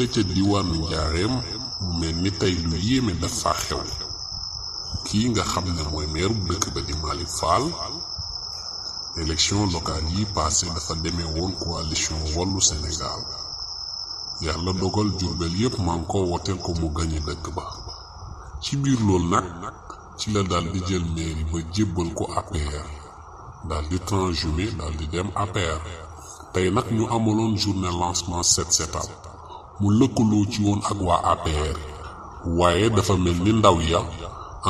fële ca diwaanu njaareem mu mel ni tey lu yéeme dafa xew kii nga xam ne mooy meeru dëkk ba di mali Fall élection locale yi passé dafa demee woon coalition Wallu Sénégal yàlla dogal Jurbel yépp maa ngi ko woteel ko mu gagné dëkk ba ci biir loolu nag ci la daal di jël mairie ba jébbal ko APR daal di transhumé daal di dem APR tey nag ñu amaloon journée lancement set setal mu lëkkaloo ci woon ak waa APR waaye dafa mel ni ndaw ya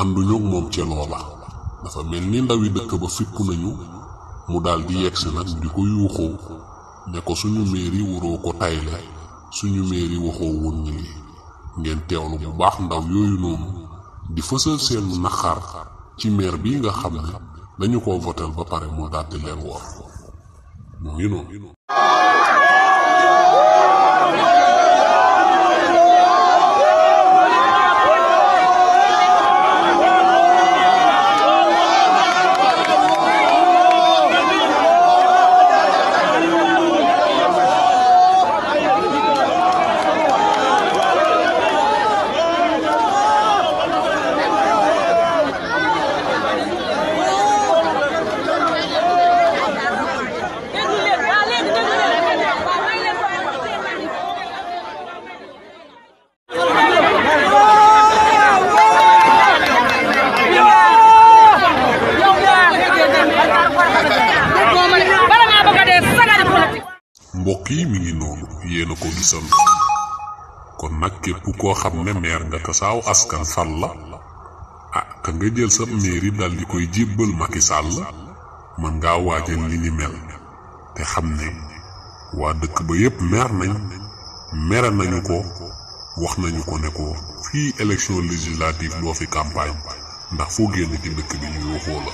ànduñu ak moom ca loola dafa mel ni ndawi dëkk ba fipp nañu mu daal di yegsi nag di ko yuuxoo ne ko suñu mairie waroo ko tayle suñu mairie waxoo woon ñi li ngeen teewlu bu baax ndaw yooyu noonu di fësal seen naqar ci maire bi nga xam ne dañu ko votel ba pare moo daal leen wor mbokk yi mi ngi noonu yéen ko gisal kon nag képp koo xam ne meer nga tasaaw askan fal la ah nga jël sa mairie dal di koy jébbal Macky Sall mën ngaa waajal li ni mel te xam ne waa dëkk ba yépp meer nañ mere nañu ko wax nañu ko ne ko fii élection législative doo fi campagne ndax foo génn ci dëkk bi ñu waxoo la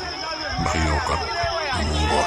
ndax yow kat ngor